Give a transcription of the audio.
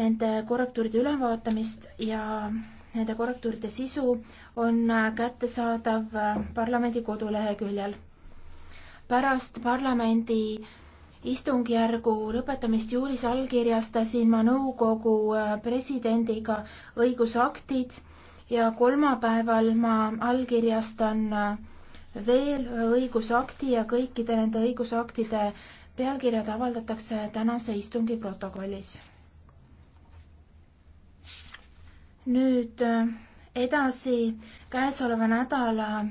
nende korrektuuride ülevaatamist ja nende korrektuuride sisu on kättesaadav parlamendi koduleheküljel. pärast parlamendi istungjärgu lõpetamist juulis allkirjastasin ma nõukogu presidendiga õigusaktid ja kolmapäeval ma allkirjastan veel õigusakti ja kõikide nende õigusaktide pealkirjad avaldatakse tänase istungi protokollis. nüüd äh, edasi käesoleva nädala